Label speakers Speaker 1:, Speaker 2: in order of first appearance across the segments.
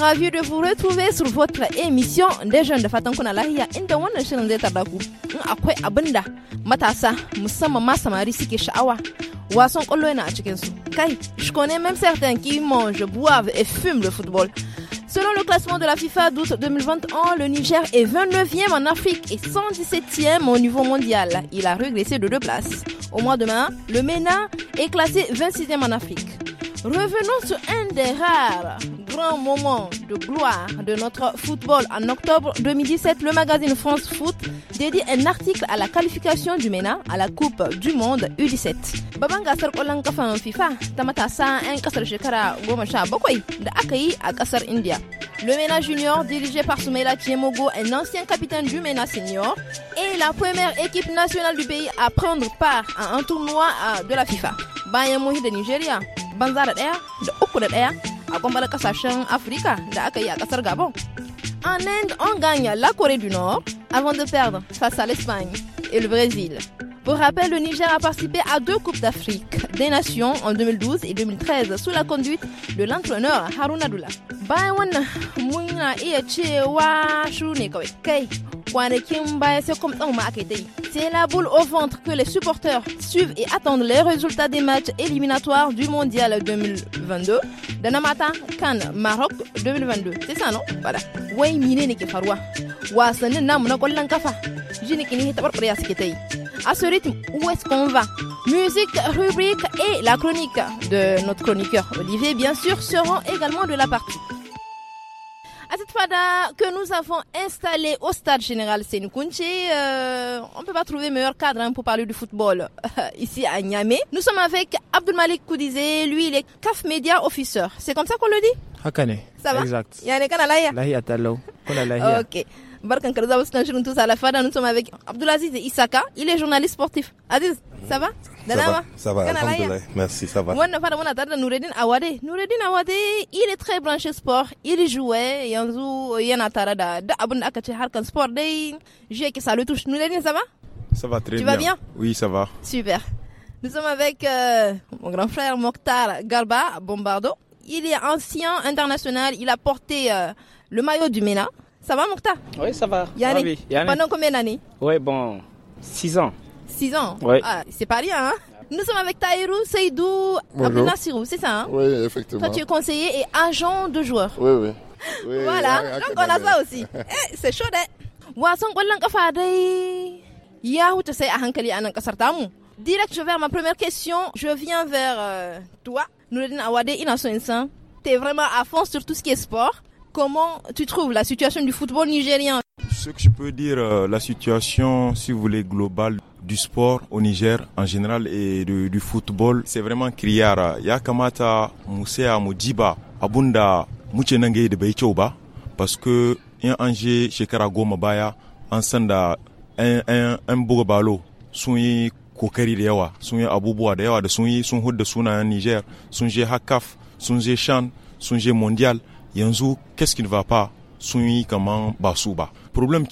Speaker 1: ravie de vous retrouver sur votre émission des jeunes de fatan inda wannan zai tada matasa kai je connais même certains qui mangent boivent et fument le football Selon le classement de la FIFA d'août 2021, le Niger est 29e en Afrique et 117e au niveau mondial. Il a régressé de deux places. Au mois de mai, le MENA est classé 26e en Afrique. Revenons sur un des rares moment de gloire de notre football en octobre 2017, le magazine France Foot dédie un article à la qualification du MENA à la Coupe du Monde U17. India. Le MENA Junior, dirigé par Soumaila Tiemogo, un ancien capitaine du MENA Senior, est la première équipe nationale du pays à prendre part à un tournoi euh, de la FIFA. Bayan Mohi de Nigeria, Banzara de a Gabon. En Inde, on gagne la Corée du Nord avant de perdre face à l'Espagne et le Brésil. Pour rappel, le Niger a participé à deux Coupes d'Afrique des Nations en 2012 et 2013 sous la conduite de l'entraîneur Haruna Doula. C'est la boule au ventre que les supporters suivent et attendent les résultats des matchs éliminatoires du Mondial 2022. Namata Cannes, Maroc 2022. C'est ça, non Voilà. ne À ce rythme, où est-ce qu'on va Musique, rubrique et la chronique de notre chroniqueur Olivier, bien sûr, seront également de la partie. À cette fois-là, que nous avons installé au stade général Sénoukounché, euh, on ne peut pas trouver meilleur cadre hein, pour parler du football ici à Niamey. Nous sommes avec Abdul Malik Koudizé, lui il est CAF Media Officer. C'est comme ça qu'on le dit
Speaker 2: Hakane. Ça va Exact.
Speaker 1: Ok. Barkan c'est un jour tous à la fada. Nous sommes avec Abdulaziz Isaka. Il est journaliste sportif. Aziz, ça va? Ça va,
Speaker 3: ça va, Merci, ça va. moi,
Speaker 1: fada, wana tada Noureddin Awade. Noureddin Awade, il est très branché sport. Il jouait, yanzu, yana tarada. Da abun akache harkan sport day. J'ai que ça le touche. Noureddin, ça va?
Speaker 4: Ça va très bien. Tu vas bien? Oui, ça va.
Speaker 1: Super. Nous sommes avec euh, mon grand frère Mokhtar Garba Bombardo. Il est ancien international. Il a porté euh, le maillot du MENA ça va, Mokhtar Oui, ça va. Yannick, pendant combien d'années
Speaker 5: Oui, bon, 6 ans.
Speaker 1: 6 ans Oui. Ah, c'est pas rien, hein nous sommes avec Taïrou Seydou Abdelnassirou, c'est ça hein
Speaker 6: Oui, effectivement. Toi, tu es
Speaker 1: conseiller et agent de joueur.
Speaker 6: Oui, oui. voilà, ah, ah, donc on a ça aussi. eh,
Speaker 1: c'est chaud, hein kafa dai ya huta sai a hankali Direct, je vais à ma première question. Je viens vers euh, toi. Tu es T'es vraiment à fond sur tout ce qui est sport. Comment tu trouves la situation du football nigérien
Speaker 4: Ce que je peux dire, euh, la situation, si vous voulez, globale du sport au Niger en général et du, football, c'est vraiment criard. Yakamata, Moussea, Moujiba, Abunda, Mouchenange de Beichoba, parce que un Angé, mabaya Goma en Ansanda, un, un, un Bogobalo, Souni Kokeri, da yawa sun abubuwa da yawa da sun yi sun niger sun hakaf sun Chan, shan mondial yanzu qu'est-ce qui ne va pas sun yi kaman basuba. su ba problem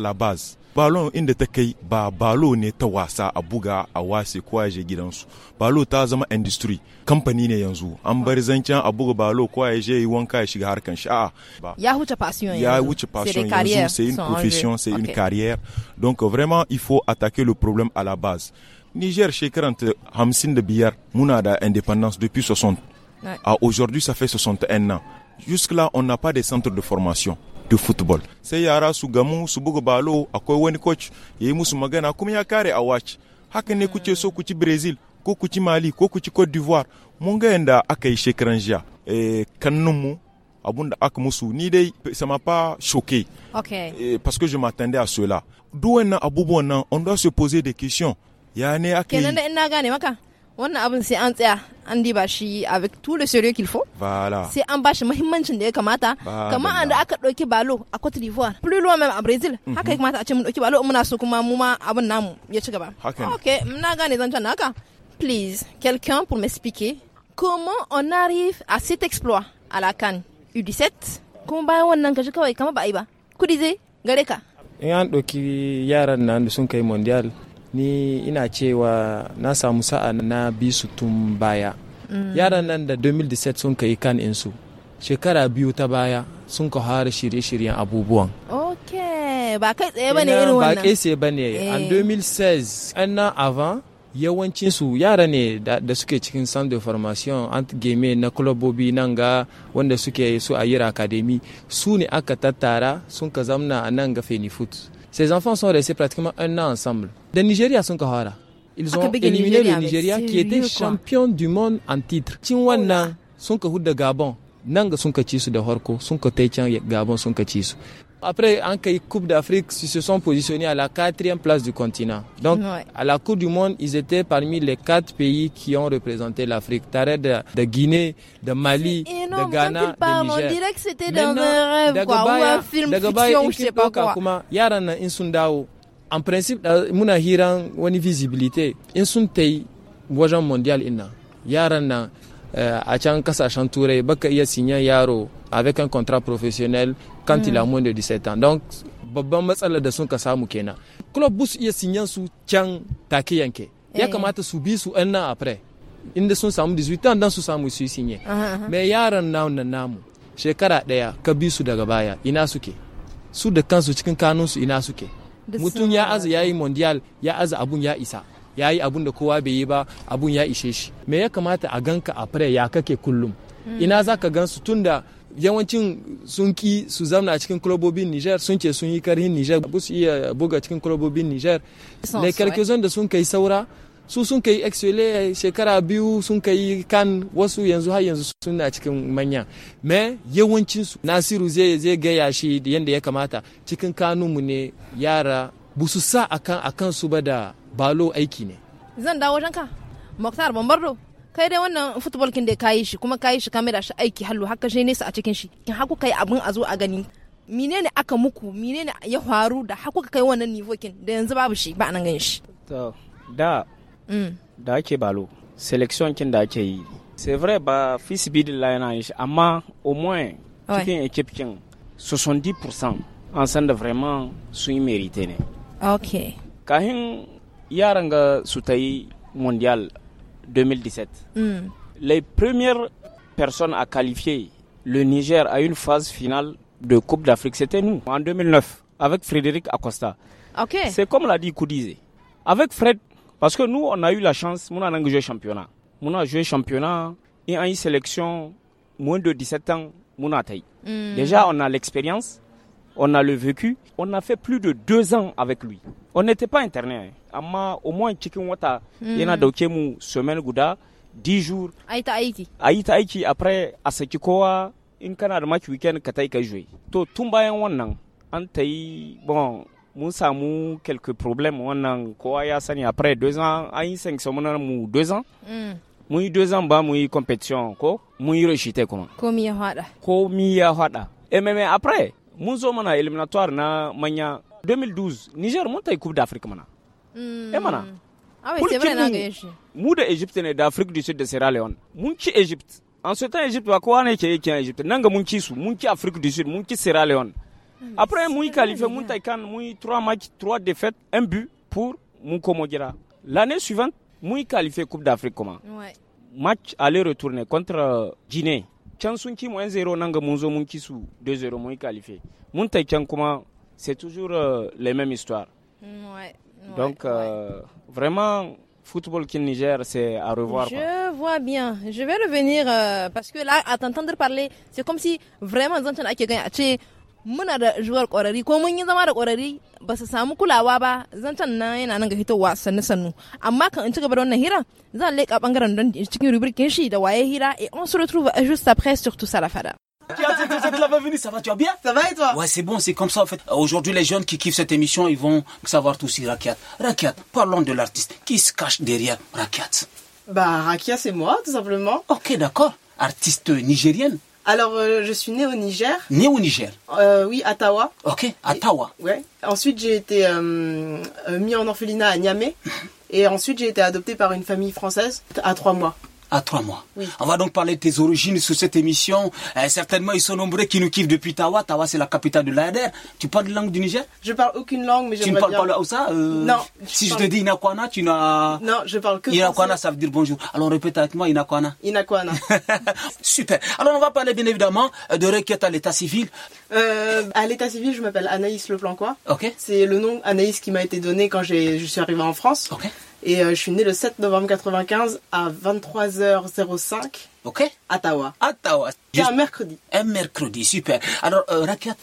Speaker 4: la base balon inda ta kai ba balo ne ta wasa a buga a wase kowa je gidansu balo ta zama industry Company ne yanzu an bar a buga balo kowa ya je yi wanka ya shiga harkan sha.
Speaker 1: ya huce passion ya huce passion yanzu c'est une profession c'est une carrière
Speaker 4: donc vraiment il faut attaquer le problème à la base Niger shekaran hamsin da biyar muna da indépendance depuis 60 ouais. aujourd'hui ça fait 61 ans Jusque-là, on n'a pas de centre de formation de football. C'est yara Sugamu, gamu su balo akwai wani coach ya musu magana kuma ya kare Awach, watch. Haka ne kuke so ku Mali koku Côte ci d'Ivoire. Mon ga yanda aka yi shekaran jiya. Eh, kannunmu abun ni dai m'a pas choqué. Okay. Eh, parce que je m'attendais à cela. Duk wannan abou on doit se poser des questions. Ya ne aka
Speaker 1: gane maka? wannan abin sai an tsaya an diba shi a tout le sérieux qu'il faut
Speaker 4: voilà sai
Speaker 1: an bashi muhimmancin da ya kamata kama an da aka dauki balo a Cote d'Ivoire plus loin même a Brazil mhm. haka ya kamata a ce mun dauki balo muna so kuma mu ma abin namu ya ci gaba okay na gane zancen haka please quelqu'un pour m'expliquer comment on arrive à cet exploit à la Cannes U17 kuma bayan wannan kaji kawai kamar ba a yi ba kudi zai gare ka
Speaker 2: in an ɗauki yaran nan da sun kai mondial ni ina cewa na samu sa'a na bi su tun baya mm. yaran nan da 2017 sun kai kan insu shekara biyu ta baya sun ka fara shirye-shiryen abubuwan
Speaker 1: ba kai tsaye ba ne irin wannan ba kai
Speaker 2: tsaye ba ne eh. an 2016 an na avant yawancinsu yara ne da suke cikin centre de formation game na kulobobi nan ga wanda suke su a yira academy su ne aka tattara sun ka zamna a nan ga fenifut Ces enfants sont restés pratiquement un an ensemble. De Nigeria à Kahara. Ils ah, ont éliminé Nigeria le Nigeria qui était champion du monde en titre. Tinwana, oh de Gabon. Nanga sont Kachisu de Horko, sont Gabon, sont après, en Coupe d'Afrique ils se sont positionnés à la quatrième place du continent. Donc, à la Coupe du Monde, ils étaient parmi les quatre pays qui ont représenté l'Afrique. T'arrêtes de, de, Guinée, de Mali, de Ghana, parle, de Niger. On dirait
Speaker 1: que c'était dans un rêve, quoi, ou un film fiction, je sais pas quoi.
Speaker 2: Yarana En principe, y a une visibilité. y voyage mondial, Inna. Yarana. Eh, a can kasashen turai baka iya sinyan yaro avec un contrat professionnel quand il a hmm. moins de 17 ans donc babban matsala da sun ka samu kenan club bus iya sinyan su can take yanke ya eh. kamata su bi su an nan inda sun samu 18 ans dan su samu su sinye me yaran nan namu shekara daya ka bi su daga baya ina suke su da kansu cikin kanunsu ina suke mutum ya aza yayi mondial ya aza abun ya isa ya yi abun da kowa bai yi ba abun ya ishe shi me ya kamata a ganka a fure ya kake kullum mm. ina za ka gansu tun da yawancin sun ki su zamna cikin kulobobin Niger sun ce sun yi karhin Niger ba su iya buga cikin kulobobin Niger ne karkizon eh? da sun kai saura su sun kai exile shekara biyu sun kai kan wasu yanzu har yanzu na cikin manya me yawancin su nasiru zai zai gaya shi yadda ya kamata cikin kanunmu ne yara ba su sa akan akan su ba da balo aiki ne
Speaker 1: zan dawo wajen ka muktar Bambardo, kai dai wannan football kin da kayi shi kuma kayi shi kamera shi aiki hallo haka shi nesa a cikin shi kin haku kai abin a zo a gani menene aka muku menene ya faru da haku kai wannan nivo kin da yanzu babu shi ba nan ganin shi
Speaker 5: to da mm. da ake balo selection kin da ake yi c'est vrai ba fils de line yin shi amma au moins cikin équipe kin 70% en sont da vraiment sous mérité ne Ok. Kahin yaran ga su mondial 2017, hmm. les premières personnes à qualifier le Niger à une phase finale de Coupe d'Afrique, c'était nous, en 2009, avec Frédéric Acosta. ok C'est comme l'a dit Koudizé. Avec Fred, parce que nous, on a eu la chance, nous a joué championnat. on a joué championnat et en sélection, moins de 17 ans, mon a mm. Déjà, on a l'expérience on a le vécu. On a fait plus de deux ans avec lui. On n'était pas interné. Hein. Amma au moins chicken wata hmm. yana dauke mu semaine guda 10 jours. A aiki. A aiki après a saki kowa in kana da match weekend ka tai ka jouer. To tun bayan wannan an ta bon mun samu quelques problèmes wannan kowa ya sani après deux ans an yi sanction mu deux ans. Hmm. Mun yi deux ans ba mu yi compétition ko mun yi rechite comment.
Speaker 1: Komi ya hada.
Speaker 5: Komi ya hada. Et même après mun zo mana éliminatoire na manya 2012 niger mun tai coupe d'afrique mana
Speaker 1: mm. e mana ah oui, c'est vrai na gagné
Speaker 5: shi d'Afrique du sud de sierra leone Munchi Égypte. en ce temps Égypte va quoi ne ke yake egypte nan ga Munchi afrique du sud Munchi sierra leone hmm, après mun qualifié mun tai kan eu matchs trois défaites un but pour mun l'année suivante mun qualifié coupe d'afrique comment ouais. match aller retourner contre euh, guinée Chanson sun ki mu 1 0 nan ga mun zo 2 0 qualifié mun tai can kuma c'est toujours euh, les mêmes histoires mm, ouais, donc euh, vraiment football qui Niger, c'est à revoir.
Speaker 1: Je vois bien. Je vais revenir euh, parce que là, à t'entendre parler, c'est comme si vraiment, muna da juwar kwarari ko mun yi zama da kwarari ba su samu kulawa ba zancen na yana nan ga hitowa sannu sannu amma kan in ci gaba da wannan hira zan leƙa bangaren don cikin rubrikin shi da waye hira et on se retrouve juste après sur tout ça la fada
Speaker 7: ça va, tu vas bien Ça va et toi Ouais, c'est bon, c'est comme ça en fait. Euh, aujourd'hui, les jeunes qui kiffent cette émission, ils vont savoir tout sur Rakiat. Rakiat, parlons de l'artiste. Qui se cache derrière Rakiat Bah, Rakiat, c'est moi, tout simplement. Ok, d'accord. Artiste nigérienne
Speaker 8: alors, euh, je suis née au Niger. Née au Niger euh, Oui, à Tawa.
Speaker 7: Ok, à Tawa.
Speaker 8: Ensuite, j'ai été euh, mis en orphelinat à Niamey. Mhm. et ensuite, j'ai été adoptée par une famille française à trois mois
Speaker 7: à trois mois. On va donc parler de tes origines sur cette émission. Euh, certainement, ils sont nombreux qui nous kiffent depuis Tawa. Tawa, c'est la capitale de l'ADR. Tu parles de langue du Niger Je parle aucune langue, mais je Tu ne parles pas le Hausa euh, Non. Si je, te dis Inakwana, tu n'as. Non, je parle que. Inakwana, ça veut dire bonjour. Alors répète avec moi Inakwana. Inakwana. Super. Alors on va parler bien évidemment euh, de
Speaker 8: requêtes à l'état civil. à l'état civil, je m'appelle Anaïs quoi Ok. C'est le nom Anaïs qui m'a été donné quand je suis arrivée en France. Ok. Et euh, je suis né le 7 novembre 95 à 23h05. Ok. Ottawa. Ottawa. un mercredi. Un
Speaker 7: mercredi, super. Alors, euh, Rakia,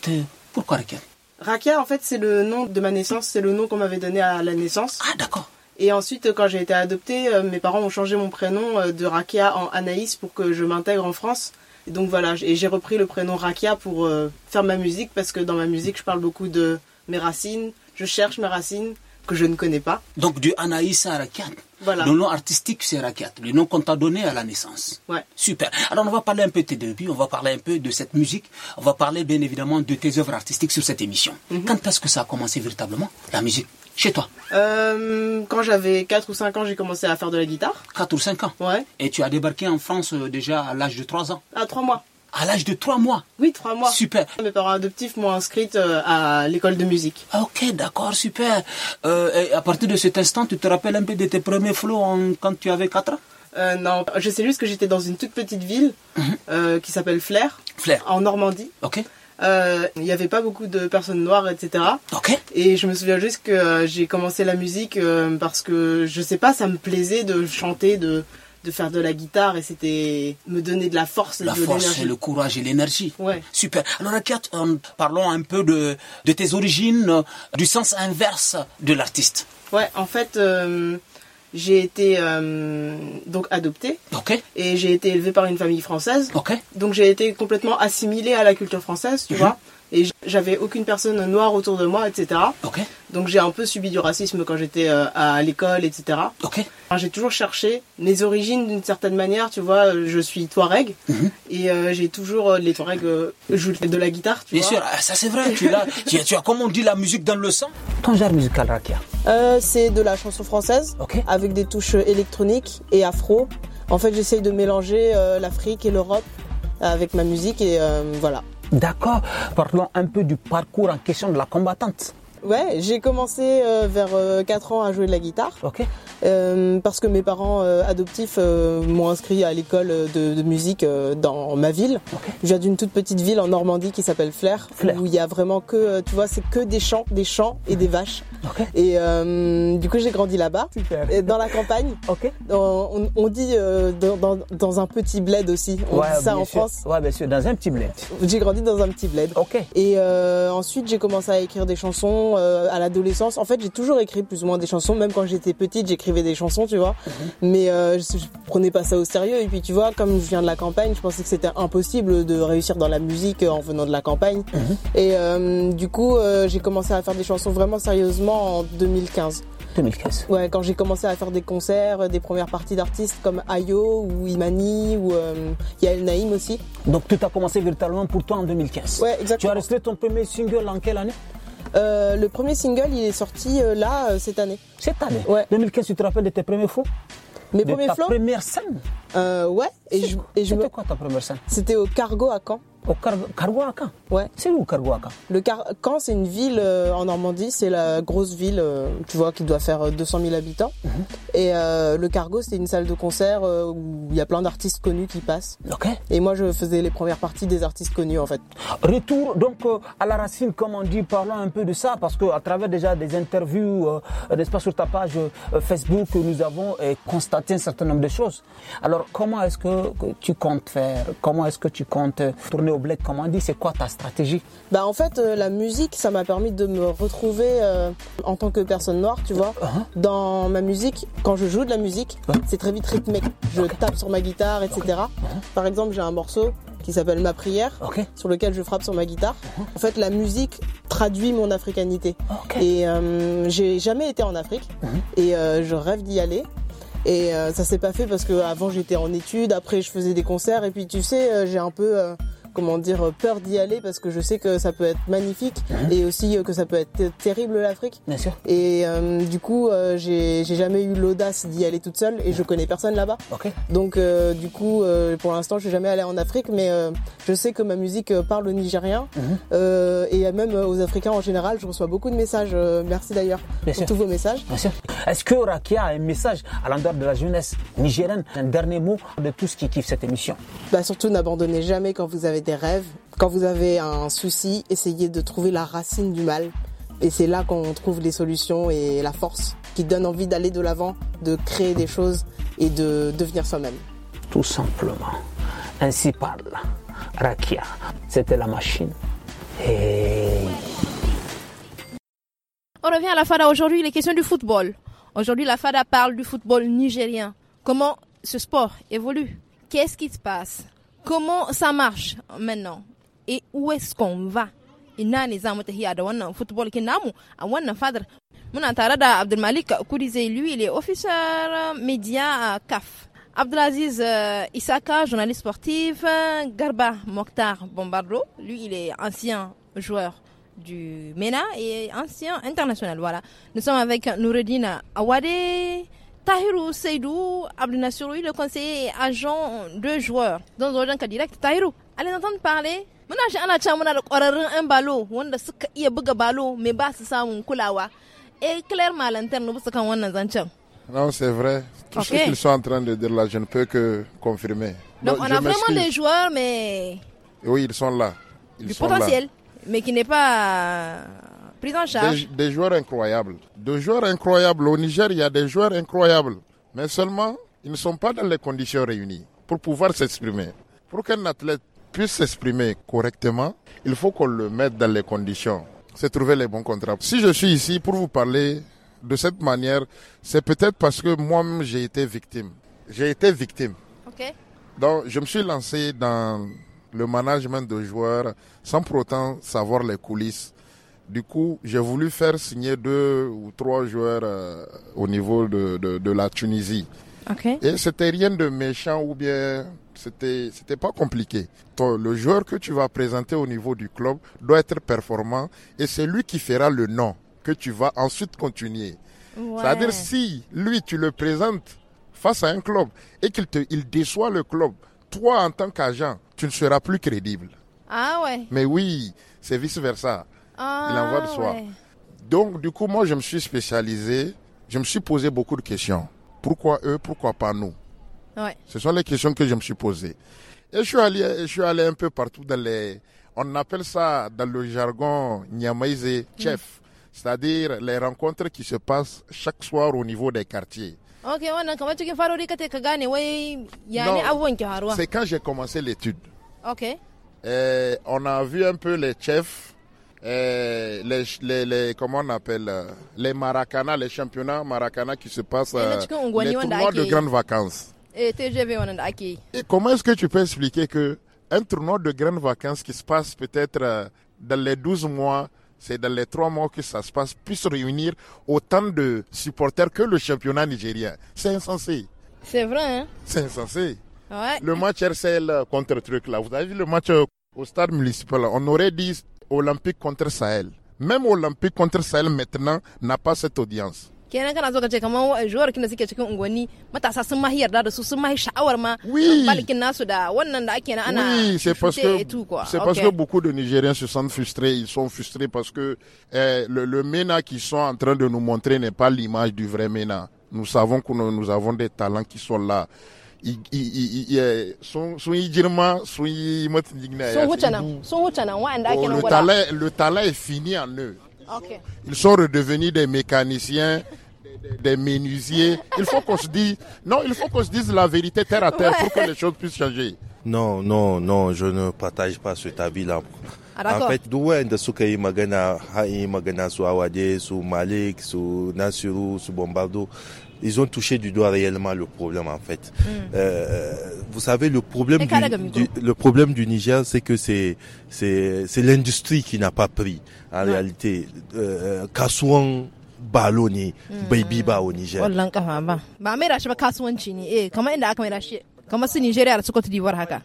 Speaker 7: pourquoi Rakia
Speaker 8: Rakia, en fait, c'est le nom de ma naissance, c'est le nom qu'on m'avait donné à la naissance. Ah, d'accord. Et ensuite, quand j'ai été adoptée, euh, mes parents ont changé mon prénom de Rakia en Anaïs pour que je m'intègre en France. Et donc voilà, et j'ai repris le prénom Rakia pour faire ma musique parce que dans ma musique, je parle beaucoup de mes racines, je cherche mes racines que je ne connais pas. Donc du Anaïs à Rakiat. Voilà. Le nom artistique, c'est Rakiat,
Speaker 7: le nom qu'on t'a donné à la naissance. Ouais. Super. Alors on va parler un peu de tes débuts, on va parler un peu de cette musique, on va parler bien évidemment de tes œuvres artistiques sur cette émission. Mhm. Quand est-ce que ça a commencé véritablement, la musique chez toi
Speaker 8: euh, Quand j'avais 4 ou 5 ans, j'ai commencé à faire de la guitare. 4 ou
Speaker 7: 5 ans Ouais. Et tu as débarqué en France euh, déjà à l'âge de 3 ans À 3 mois. À l'âge de 3 mois Oui, 3 mois. Super. Mes parents adoptifs m'ont inscrite euh, à l'école de musique. Ah, ok, d'accord, super. Euh, à partir de cet instant, tu te rappelles un peu de tes premiers flots quand tu avais 4 ans
Speaker 8: euh, non, je sais juste que j'étais dans une toute petite ville mhm. qui s'appelle Flair, Flair, en Normandie. Ok. Il n'y avait pas beaucoup de personnes noires, etc. Ok. Et je me souviens juste que j'ai commencé la musique parce que je sais pas, ça me plaisait de chanter, de de faire de la guitare et c'était me donner de la force. La force, et le
Speaker 7: courage et l'énergie. Ouais. Super. Alors Kat, parlons un peu de, tes origines, euh, du sens inverse de l'artiste.
Speaker 8: Ouais, en fait, euh, j'ai été euh, donc adoptée. ok Et j'ai été élevée par une famille française. ok Donc j'ai été complètement assimilée à la culture française, tu mhm. vois et j'avais aucune personne noire autour de moi, etc. Ok. Donc j'ai un peu subi du racisme quand j'étais euh, à l'école, etc. J'ai toujours cherché mes origines d'une certaine manière, tu vois, euh, je suis Touareg, mhm. et euh, j'ai toujours les Touareg jouent de la guitare, tu Bien sûr, ah, ça c'est vrai, tu, as,
Speaker 7: tu, as, comment on dit, la musique dans le sang. Ton genre musical,
Speaker 8: Rakia C'est de la chanson française, avec des touches électroniques et afro. En fait, j'essaye de mélanger l'Afrique et l'Europe avec ma musique, et voilà. D'accord Parlons un peu du parcours en question de la combattante. Ouais, j'ai commencé euh, vers euh, 4 ans à jouer de la guitare. Ok. Euh, parce que mes parents euh, adoptifs euh, m'ont inscrit à l'école de, de, musique dans ma ville. Okay. Je viens d'une toute petite ville en Normandie qui s'appelle Flers, Flair. où il y a vraiment que, tu vois, c'est que des champs, des champs et des vaches. Ok. Et du coup, j'ai grandi là-bas, dans la campagne. Ok. On, on dit dans, dans, un petit bled aussi. On dit ça en France. Ouais, bien sûr, dans un petit bled. J'ai grandi dans un petit bled. Ok. Et ensuite, j'ai commencé à écrire des chansons euh, à l'adolescence. En fait, j'ai toujours écrit plus ou moins des chansons, même quand j'étais petite, j'écrivais des chansons, tu vois. Mhm. Mais euh, je, prenais pas ça au sérieux. Et puis, tu vois, comme je viens de la campagne, je pensais que c'était impossible de réussir dans la musique euh, en venant de la campagne. Mhm. Et du coup, j'ai commencé à faire des chansons vraiment sérieusement en 2015. 2015. Ouais, quand j'ai commencé à faire des concerts, des premières parties d'artistes comme Ayo ou Imani ou Yael Naïm aussi. Donc tout a commencé véritablement pour
Speaker 7: toi en 2015. Ouais, exactement. Tu as resté ton premier single en quelle année euh, le premier single, il est sorti euh, là, euh, cette année. Cette année Ouais. 2015, tu te rappelles de tes premiers flots
Speaker 8: Mes de premiers flots Ta première scène Ouais. Et je, et je C'était quoi ta première scène C'était au Cargo à Caen. Au Car Ouais. C'est où Carouaca Le Car Caen, c'est une ville euh, en Normandie, c'est la grosse ville, euh, tu vois, qui doit faire 200 euh, 000 habitants. Mhm. Et le Cargo, c'est une salle de concert où il y a plein d'artistes connus qui passent. Ok. Et moi, je faisais les premières parties des artistes connus, en fait. Retour donc à la racine, comme on dit, parlons un peu de ça, parce qu'à travers déjà des
Speaker 7: interviews, n'est-ce pas, sur ta page Facebook, nous avons constaté un certain nombre de choses. Alors, comment est-ce que tu comptes faire Comment est-ce que tu comptes tourner au bled, on dit, c'est quoi ta stratégie
Speaker 8: Bah en fait, euh, la musique, ça m'a permis de me retrouver euh, en tant que personne noire, tu vois. Uh-huh. Dans ma musique, quand je joue de la musique, c'est très vite rythmé. Je tape sur ma guitare, etc. Uh-huh. Par exemple, j'ai un morceau qui s'appelle Ma prière, sur lequel je frappe sur ma guitare. Uh-huh. En fait, la musique traduit mon africanité. Et euh, j'ai jamais été en Afrique et je rêve d'y aller. Et ça s'est pas fait parce que avant j'étais en études, après je faisais des concerts et puis tu sais, j'ai un peu comment dire, euh, peur d'y aller parce que je sais que ça peut être magnifique hein et aussi euh, que ça peut être terrible l'Afrique. Bien sûr. Et euh, du coup, j'ai jamais eu l'audace d'y aller toute seule et je connais personne là-bas. Donc du coup, pour l'instant, je suis jamais allé en Afrique, mais je sais que ma musique parle aux Nigérians hein et même aux Africains en général. Je reçois beaucoup de messages. merci d'ailleurs pour tous vos messages.
Speaker 7: Est-ce que Rakia a un message à l'endroit de la jeunesse nigérienne
Speaker 8: Un dernier mot de tous qui kiffent cette émission bah, Surtout, n'abandonnez jamais quand vous avez des rêves. Quand vous avez un souci, essayez de trouver la racine du mal. Et c'est là qu'on trouve les solutions et la force qui donne envie d'aller de l'avant, de créer des choses et de devenir soi-même.
Speaker 7: Tout simplement. Ainsi parle Rakia. C'était la machine.
Speaker 1: On revient à la fin aujourd'hui, les questions du football. Aujourd'hui, la FADA parle du football nigérien. Comment ce sport évolue Qu'est-ce qui se passe Comment ça marche maintenant Et où est-ce qu'on va ina ne football Il y a muna tare da lui il est officier euh, média à caf Abdelaziz euh, Isaka, journaliste sportif, euh, Garba Mokhtar Bombardo, lui il est ancien joueur du MENA et ancien international. Voilà. Nous sommes avec Noureddina Awade, Tahirou Seydou, Nassiroui, le conseiller agent de joueurs. Dans un cas direct, Tahirou, allez entendre parler wanda suka iya buga balo et eh,
Speaker 6: non c'est vrai tout ce qu'ils sont en train de dire là je ne peux que confirmer donc, on a vraiment des
Speaker 1: joueurs mais
Speaker 6: oui ils sont là ils sont potentiel là
Speaker 1: mais qui n'est pas euh, pris en charge.
Speaker 6: Des, joueurs incroyables. Des joueurs incroyables. Au Niger, il y a des joueurs incroyables. Mais seulement, ils ne sont pas dans les conditions réunies pour pouvoir s'exprimer. Pour qu'un athlète puisse s'exprimer correctement, il faut qu'on le mette dans les conditions. C'est trouver les bons contrats. Si je suis ici pour vous parler de cette manière, c'est peut-être parce que moi-même, j'ai été victime. J'ai été victime. OK. Donc, je me suis lancé dans le management de joueurs, sans pour autant savoir les coulisses. Du coup, j'ai voulu faire signer deux ou trois joueurs euh, au niveau de, la Tunisie. Et Et c'était rien de méchant ou bien c'était c'était pas compliqué. Le joueur que tu vas présenter au niveau du club doit être performant et c'est lui qui fera le nom que tu vas ensuite continuer. C'est-à-dire si lui tu le présentes face à un club et qu'il te il déçoit le club, toi en tant qu'agent, tu ne seras plus crédible. Ah ouais. Mais oui, c'est vice-versa.
Speaker 1: Ah, Il va de soi. Ah
Speaker 6: Donc, du coup, moi, je me suis spécialisé, je me suis posé beaucoup de questions. Pourquoi eux, pourquoi pas nous ouais. Ce sont les questions que je me suis posées. Et je suis allé, je suis allé un peu partout dans les... On appelle ça dans le jargon Niamaise chef, mm. c'est-à-dire les rencontres qui se passent chaque soir au niveau des quartiers.
Speaker 1: Ok, C'est
Speaker 6: quand j'ai commencé l'étude. Ok. Eh, on a vu un peu les chefs, eh, les, les, les, comment on appelle, euh, les maracana, les championnats maracana qui se passent, euh, les tournois de grandes vacances. comment est-ce que tu peux expliquer que un tournoi de grandes vacances qui se passe peut-être euh, dans les 12 mois c'est dans les trois mois que ça se passe, puisse réunir autant de supporters que le championnat nigérien. C'est insensé.
Speaker 1: C'est vrai, hein
Speaker 6: C'est insensé. Ouais. Le match RCL contre truc là, vous avez vu le match euh, au stade municipal, on aurait dit Olympique contre Sahel. Même Olympique contre Sahel maintenant n'a pas cette audience
Speaker 1: kenan kana so ka ce kamar juwar kin da suke cikin unguwanni matasa sun mahi yarda da su sun mahi sha'awar ma balikin nasu da wannan da ake na ana oui, c'est parce que c'est parce que
Speaker 6: beaucoup de Nigériens se sentent frustrés ils sont frustrés parce que eh, le, le MENA qui sont en train de nous montrer n'est pas l'image du vrai MENA nous savons que nous, nous avons des talents qui sont là eh, sun yi girma sun yi mata jigina ya sun huce nan
Speaker 1: sun huce nan wa'anda ake nan
Speaker 6: le talent est fini en eux ils sont redevenus des mécaniciens, des menuisiers. Il faut qu'on se dise, non, il faut qu'on se dise la vérité terre à terre pour que les choses puissent changer.
Speaker 3: Non, non, non, je ne partage pas cet avis-là akwai duk wanda suka yi magana ha'i magana su awade su malik su nasiru su bombardo ils ont touché du doigt réellement le problème en fait. Mm. Euh, vous savez le problème du, du, le problème du Niger c'est que c'est c'est c'est l'industrie qui n'a pas pris en ouais. réalité euh, euh Kassouan baloni mm. baby ba au Niger. Wallan
Speaker 1: kafa ba. Ba mai rashi ba kasuwanci ne eh kamar inda aka mai rashi kamar su Nigeria a su Cote d'Ivoire haka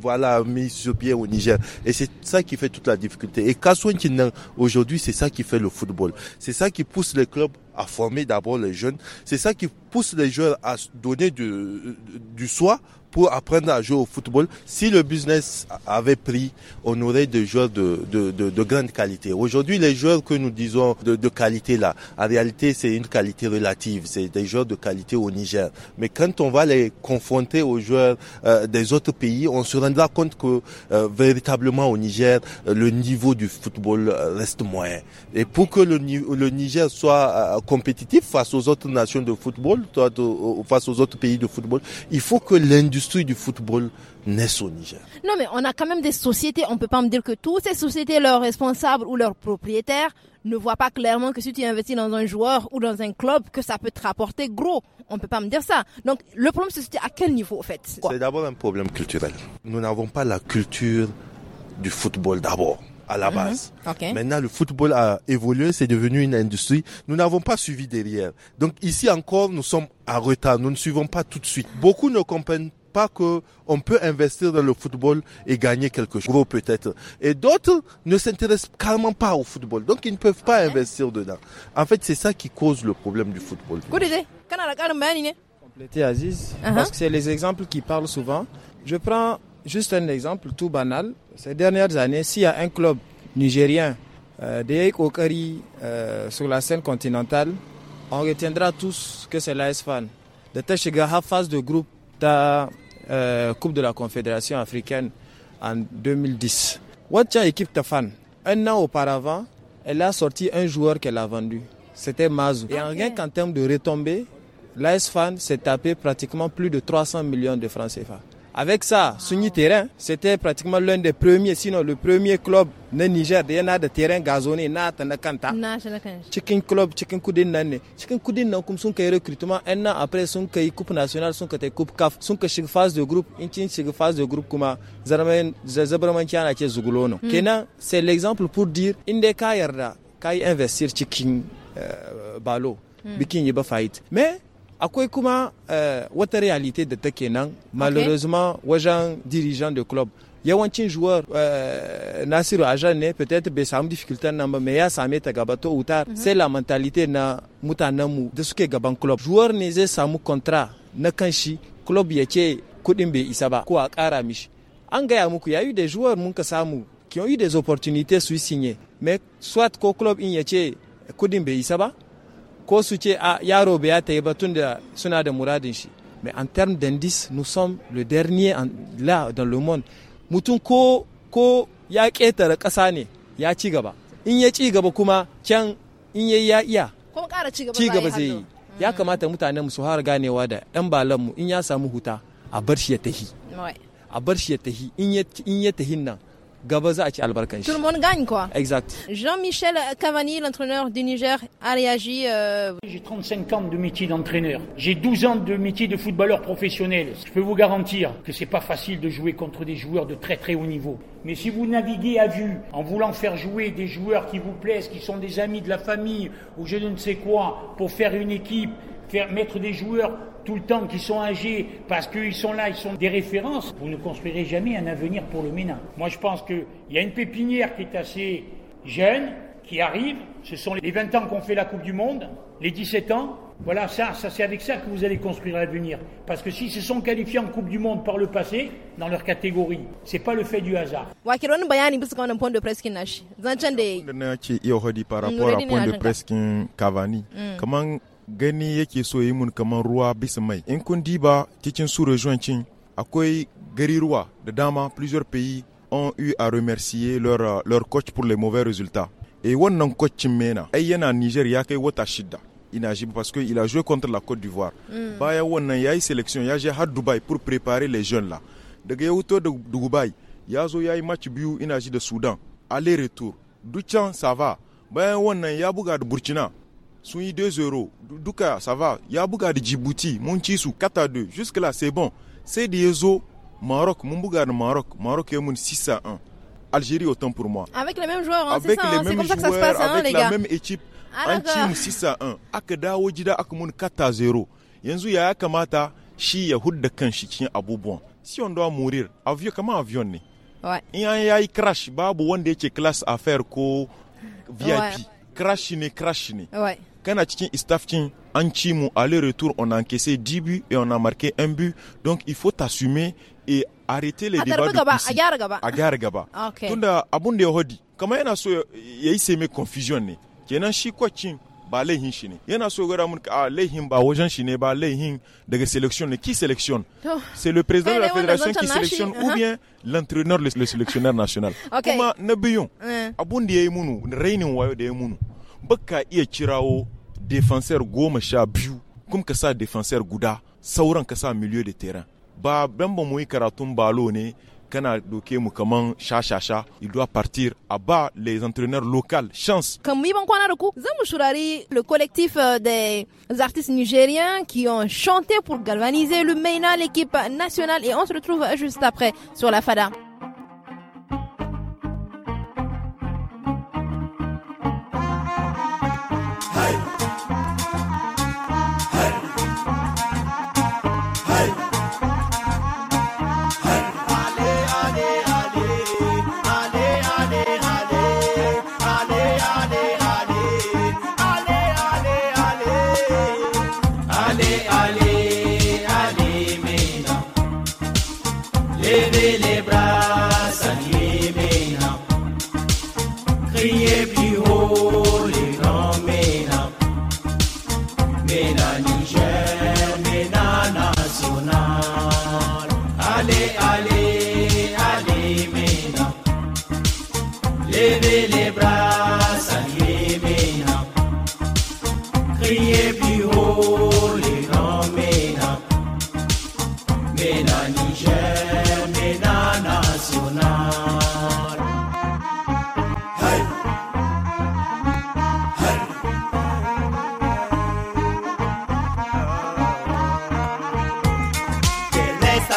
Speaker 3: voilà, mis sur pied au Niger. Et c'est ça qui fait toute la difficulté. Et Kassouin aujourd'hui, c'est ça qui fait le football. C'est ça qui pousse les clubs à former d'abord les jeunes. C'est ça qui pousse les joueurs à donner du, du soi pour apprendre à jouer au football. Si le business avait pris, on aurait des joueurs de, de, grande qualité. Aujourd'hui, les joueurs que nous disons de, qualité là, en réalité, c'est une qualité relative. C'est des joueurs de qualité au Niger. Mais quand on va les confronter aux joueurs euh, des autres pays, on se rendra compte que euh, véritablement au Niger, euh, le niveau du football reste moyen. Et pour que le, Niger soit compétitif face aux autres nations de football, euh, face aux autres pays de football. Il faut que l'industrie du football naisse au Niger.
Speaker 1: Non, mais on a quand même des sociétés. On peut pas me dire que toutes ces sociétés, leurs responsables ou leurs propriétaires ne voient pas clairement que si tu investis dans un joueur ou dans un club, que ça peut te rapporter gros. On peut pas me dire ça. Donc, le problème, c'est à quel niveau, en fait C'est
Speaker 3: d'abord un problème culturel. Nous n'avons pas la culture du football d'abord à la mhm. base. Maintenant, le football a évolué, c'est devenu une industrie. Nous n'avons pas suivi derrière. Donc ici encore, nous sommes à retard. Nous ne suivons pas tout de suite. Beaucoup ne comprennent pas que on peut investir dans le football et gagner quelque chose, peut-être. Et d'autres ne s'intéressent carrément pas au football, donc ils ne peuvent pas investir dedans. En fait, c'est ça qui cause le problème du football. Compléter Aziz, uh-huh. parce que c'est les
Speaker 2: exemples qui parlent souvent. Je prends Juste un exemple tout banal. Ces dernières années, s'il y a un club nigérien euh, euh sur la scène continentale, on retiendra tous que c'est l'AS Fan. De Teshigaha, phase de groupe de euh, Coupe de la Confédération africaine en 2010. Watcha équipe de fan, un an auparavant, elle a sorti un joueur qu'elle a vendu. C'était Mazou. Et en rien qu'en termes de retombées, l'AS Fan s'est tapé pratiquement plus de 300 millions de francs CFA. Avec ça, Suni Terrain, c'était pratiquement l'un des premiers, sinon le premier club de Niger da yana da terrain gazonné, na ta na kanta. Chicken club chicken kudin nan Chicken kudin na kuma sun kai recrutement un an après son kai coupe nationale son kai coupe CAF son ka phase de groupe une cin phase de groupe kuma zarmen zabarman kiyana ke zugulono. Hmm. Kenan c'est l'exemple pour dire une des ka yarda ka yi investir euh, balo hmm. ba fight. Mais akwai kuma eh, wata realite da take nan malheureusement wajen dirigeant de club yawancin joueur eh, nasiru ajan ne peut-être bai samu difficulté nan ba mai ya same ta gaba to wutar sai la mentalité na mutanen mutanenmu da suke gaban club joueur ne zai samu contrat na kanshi club ya ce kudin bai isa ba ko a kara mishi an gaya muku yayi da joueur mun ka samu qui ont eu des opportunités su signer mais soit ko club in ya ce kudin bai isa ba ko su ce a ah, yaro bai ya yi ba tunda suna da muradin shi mais en termes d'indice nous sommes le dernier en, là dans le monde mutum ko ko ya ketare ƙasa ne ya ci gaba in ya ci gaba kuma can in yayi ya iya kuma
Speaker 1: ƙara ci gaba zai yi
Speaker 2: ya mm. kamata mutanen mu su har ganewa da ɗan balan mu in ya samu huta a bar shi ya tahi a bar shi ya tahi in ya tahin nan Tout le
Speaker 7: monde gagne quoi. Exact.
Speaker 1: Jean-Michel Cavani, l'entraîneur du Niger, a réagi.
Speaker 7: Euh, J'ai 35 ans de métier d'entraîneur. J'ai 12 ans de métier de footballeur professionnel. Je peux vous garantir que c'est pas facile de jouer contre des joueurs de très très haut niveau. Mais si vous naviguez à vue en voulant faire jouer des joueurs qui vous plaisent, qui sont des amis de la famille ou je ne sais quoi, pour faire une équipe faire mettre des joueurs tout le temps qui sont âgés parce qu'ils sont là, ils sont des références, vous ne construirez jamais un avenir pour le Ménin. Moi, je pense qu'il y a une pépinière qui est assez jeune, qui arrive. Ce sont les 20 ans qu'on fait la Coupe du Monde, les 17 ans. Voilà, ça, ça c'est avec ça que vous allez construire l'avenir. Parce que s'ils se sont qualifiés en Coupe du Monde par le passé, dans leur catégorie, c'est pas le fait du hasard.
Speaker 1: point de par à
Speaker 4: point de presse comment gani yake so yi mun kamar ruwa bisa mai in kun diba cikin su akwai ruwa da dama plusieurs pays ont eu à remercier leur, leur coach pour les mauvais résultats et wannan coach mena ai yana Niger ya kai wata shida ina ji parce que il a joué contre la Côte d'Ivoire mm. baya wannan yayi sélection ya je har Dubai pour préparer les jeunes là daga ya da Dubai ya zo yayi match biyu ina ji da Sudan aller retour Du can ça va bayan wannan ya buga da Burkina sont 2 euros. Douka, ça va. Il y a Yabouga de Djibouti, Montisou, 4 à 2. Jusque-là, c'est bon. C'est des eaux. Maroc, Mumbouga de Maroc. Maroc est 6 à 1. Algérie, autant pour moi.
Speaker 1: Avec les mêmes joueurs, hein, avec ça, hein. C'est comme ça que ça se passe, hein, avec les gars. la même
Speaker 4: équipe. Ah, un team, 6 à 1. an aka dawo mon 4 à 0. zero yanzu ya kamata shi ya hudda kan shi cikin abubuwan si on doit mourir avion kamar avion ne in y a crash babu wanda yake class affaire ko vip crash ne crash ne kana cikin istafkin an ci mu aller-retour on a encaissé 10 buts et on a marqué un but donc il faut t'assumer et arrêter les ah, débats a gaba a gyara gaba tunda abun da ya hodi kamar yana so yayi sai mai confusion ne kenan shi kwacin ba laihin shi ne yana so gara mun a ah, laihin ba wajen shi ne ba laihin daga selection ne qui sélectionne oh. c'est le président eh, de la fédération qui sélectionne ou bien l'entraîneur le sélectionneur national kuma na biyun abun da yayi munu rainin wayo da yayi munu baka iya défenseur defensor goma sha biyu kuma ka sa guda sauran ka sa milieu de terrain ba ban ba mu yi karatun balo ne kana doke mu kaman shashasha il doit partir à bas les entraîneurs locaux chance
Speaker 1: kan mu ban le collectif euh, des artistes nigériens qui ont chanté pour galvaniser le MENA l'équipe nationale et on se retrouve juste après sur la fada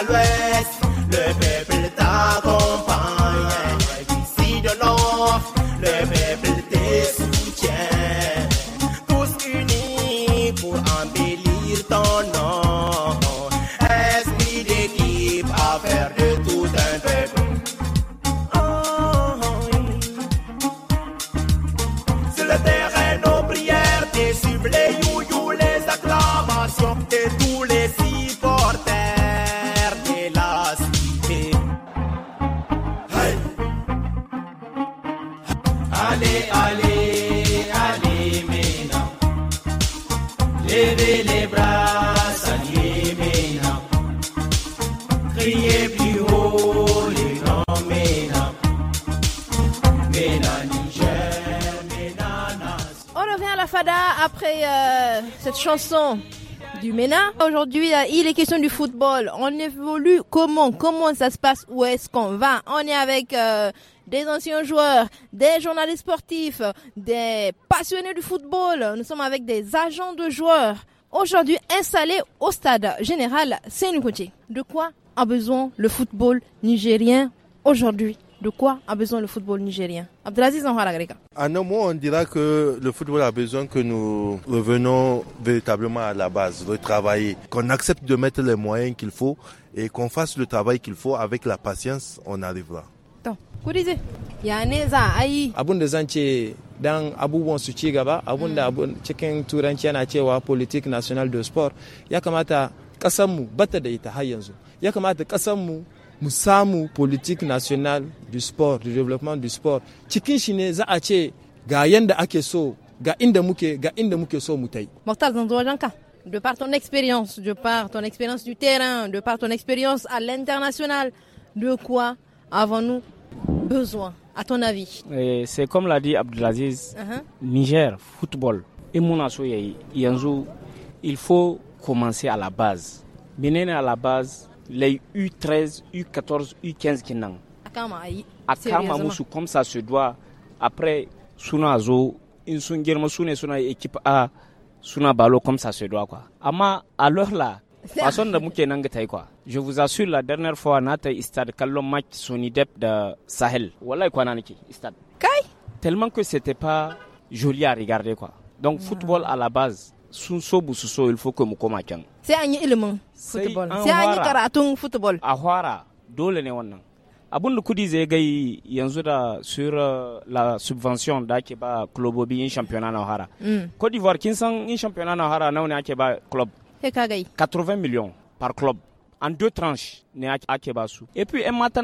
Speaker 7: l'ouest. Le
Speaker 1: chanson du MENA. Aujourd'hui, euh, il est question du football. On évolue comment Comment ça se passe Où est-ce qu'on va On est avec euh, des anciens joueurs, des journalistes sportifs, des passionnés du football. Nous sommes avec des agents de joueurs. Aujourd'hui, installés au stade général Sénoukoutier. De quoi a besoin le football nigérien aujourd'hui de quoi a besoin le football nigérien Abdelaziz Grega.
Speaker 3: En un mot, on dira que le football a besoin que nous revenons véritablement à la base, retravailler, qu'on accepte de mettre les moyens qu'il faut et qu'on fasse le travail qu'il faut avec la patience, on arrivera.
Speaker 1: kudi ya ne za a yi
Speaker 3: abun da dan abubuwan su ci gaba abun da hmm. cikin turanci
Speaker 2: yana cewa politique national de sport ya kamata kasanmu bata da ita har yanzu ya kamata kasanmu Musamu politique nationale du sport du développement du sport Chikin ga yanda ake ga inda muke ga inda muke so
Speaker 1: de par ton expérience de par ton expérience du terrain de par ton expérience à l'international de quoi avons-nous besoin à ton
Speaker 5: avis c'est comme l'a dit Abdelaziz uh-huh. Niger football et mon yanzu il faut commencer à la base menene à la base les U13, U14, U15 qui n'ont.
Speaker 1: A kama Moussou,
Speaker 5: comme ça se doit. Après, suna Azo, in sun suna équipe A, suna balo comme ça se doit quoi. à l'heure là, personne ne quoi. Je vous assure la dernière fois na stade match Sonidep de Sahel. Wallahi kwana nake stade. tellement que c'était pas joli à regarder quoi. Donc ah. football à la base sun so bu su so il faut mu koma can
Speaker 1: sai an yi ilimin football sai an yi karatun
Speaker 5: football a fara dole ne wannan abun da kudi zai gai yanzu da sur la subvention da ake ba clubobi in championnat na hara mm. Cote d'Ivoire kin san in championnat na hara nawa ne ake ba club
Speaker 1: 80
Speaker 5: millions par club en deux tranches ne ake pas et puis un matin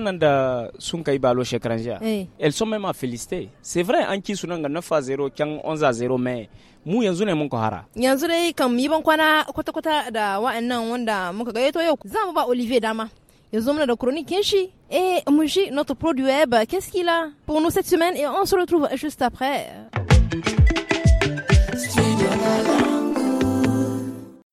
Speaker 5: sun kai balo elles sont même à féliciter c'est vrai en qui sont ga 9 à 0 11 à 0 mais mu yanzu ne mun hara.
Speaker 1: yanzu dai kan yi ban kwana kwata kwata da wa'annan wanda muka gayyato yau za mu ba Olivier dama yanzu muna da chronique shi et Mushi notre produit web qu'est-ce qu'il a pour nous cette semaine et on se retrouve juste après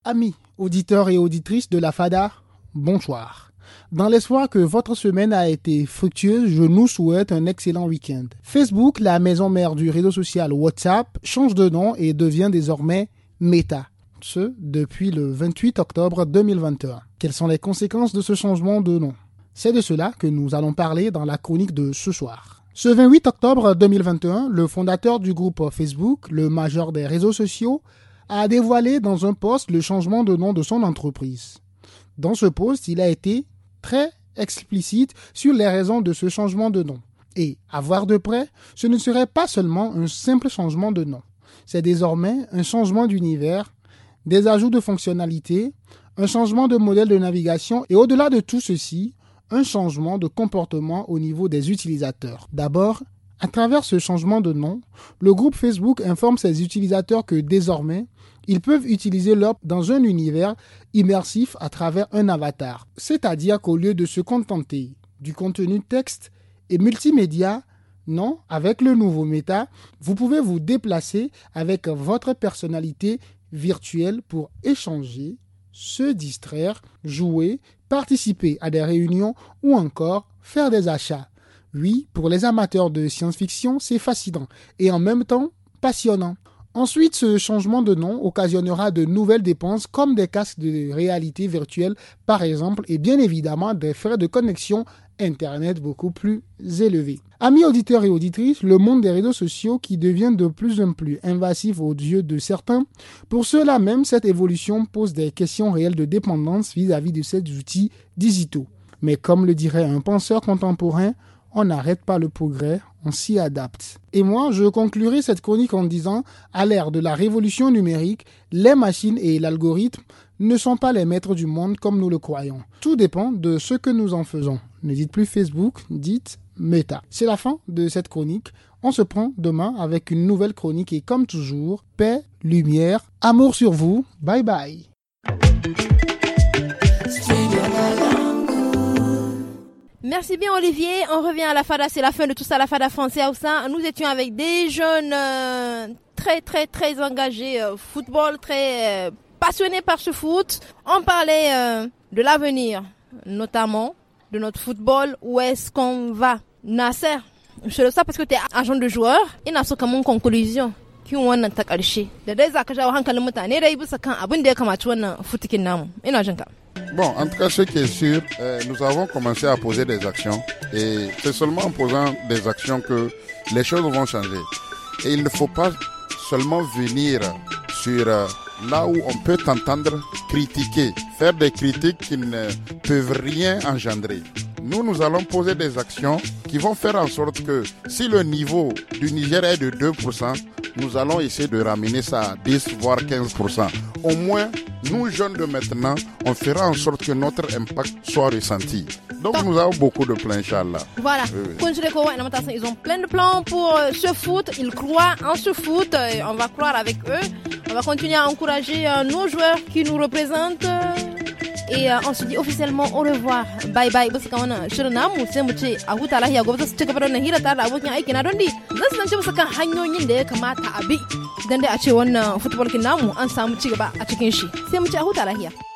Speaker 9: Amis, auditeurs et auditrices de la FADA, bonsoir. Dans l'espoir que votre semaine a été fructueuse, je nous souhaite un excellent week-end. Facebook, la maison mère du réseau social WhatsApp, change de nom et devient désormais Meta. Ce, depuis le 28 octobre 2021. Quelles sont les conséquences de ce changement de nom C'est de cela que nous allons parler dans la chronique de ce soir. Ce 28 octobre 2021, le fondateur du groupe Facebook, le majeur des réseaux sociaux, a dévoilé dans un post le changement de nom de son entreprise. Dans ce post, il a été très explicite sur les raisons de ce changement de nom. Et à voir de près, ce ne serait pas seulement un simple changement de nom. C'est désormais un changement d'univers, des ajouts de fonctionnalités, un changement de modèle de navigation et au-delà de tout ceci, un changement de comportement au niveau des utilisateurs. D'abord, à travers ce changement de nom, le groupe Facebook informe ses utilisateurs que désormais, ils peuvent utiliser l'OP dans un univers immersif à travers un avatar. C'est-à-dire qu'au lieu de se contenter du contenu texte et multimédia, non, avec le nouveau méta, vous pouvez vous déplacer avec votre personnalité virtuelle pour échanger, se distraire, jouer, participer à des réunions ou encore faire des achats. Oui, pour les amateurs de science-fiction, c'est fascinant et en même temps passionnant. Ensuite, ce changement de nom occasionnera de nouvelles dépenses comme des casques de réalité virtuelle par exemple et bien évidemment des frais de connexion Internet beaucoup plus élevés. Amis auditeurs et auditrices, le monde des réseaux sociaux qui devient de plus en plus invasif aux yeux de certains, pour cela même cette évolution pose des questions réelles de dépendance vis-à-vis de ces outils digitaux. Mais comme le dirait un penseur contemporain, on n'arrête pas le progrès, on s'y adapte. Et moi, je conclurai cette chronique en disant, à l'ère de la révolution numérique, les machines et l'algorithme ne sont pas les maîtres du monde comme nous le croyons. Tout dépend de ce que nous en faisons. Ne dites plus Facebook, dites Meta. C'est la fin de cette chronique. On se prend demain avec une nouvelle chronique et comme toujours, paix, lumière, amour sur vous. Bye bye.
Speaker 1: Merci bien Olivier. On revient à la Fada. C'est la fin de tout ça, la Fada française. Nous étions avec des jeunes euh, très très très engagés euh, football, très euh, passionnés par ce foot. On parlait de l'avenir, notamment de notre football. Où est-ce qu'on va Nasser, je le sais parce que tu es agent de joueur. Et Nasser, comment conclusion kin wannan ta da dai hankalin mutane dai
Speaker 6: Bon, en tout cas, ce qui est sûr, euh, nous avons commencé à poser des actions. Et c'est seulement en posant des actions que les choses vont changer. Et il ne faut pas seulement venir sur euh, là où on peut t'entendre critiquer, faire des critiques qui ne peuvent rien engendrer. Nous, nous allons poser des actions qui vont faire en sorte que si le niveau du Niger est de 2%, nous allons essayer de ramener ça à 10 voire 15%. Au moins, nous jeunes de maintenant, on fera en sorte que notre impact soit ressenti. Donc, nous avons beaucoup de plans, Inch'Allah.
Speaker 1: Voilà. Ils ont plein de plans pour euh, ce foot. Ils croient en ce foot. Euh, et on va croire avec eux. On va continuer à encourager euh, nos joueurs qui nous représentent. et euh, on se dit officiellement au revoir bye bye basu kan wannan shirin namu sai mu ce a huta lahiya gobe za su ci gaba da wannan hira tare da abokin aiki na dondi zan san ce kan hanyoyin da ya kamata a bi dan dai a ce wannan football kin namu an samu ci gaba a cikin shi sai mu ce a huta lahiya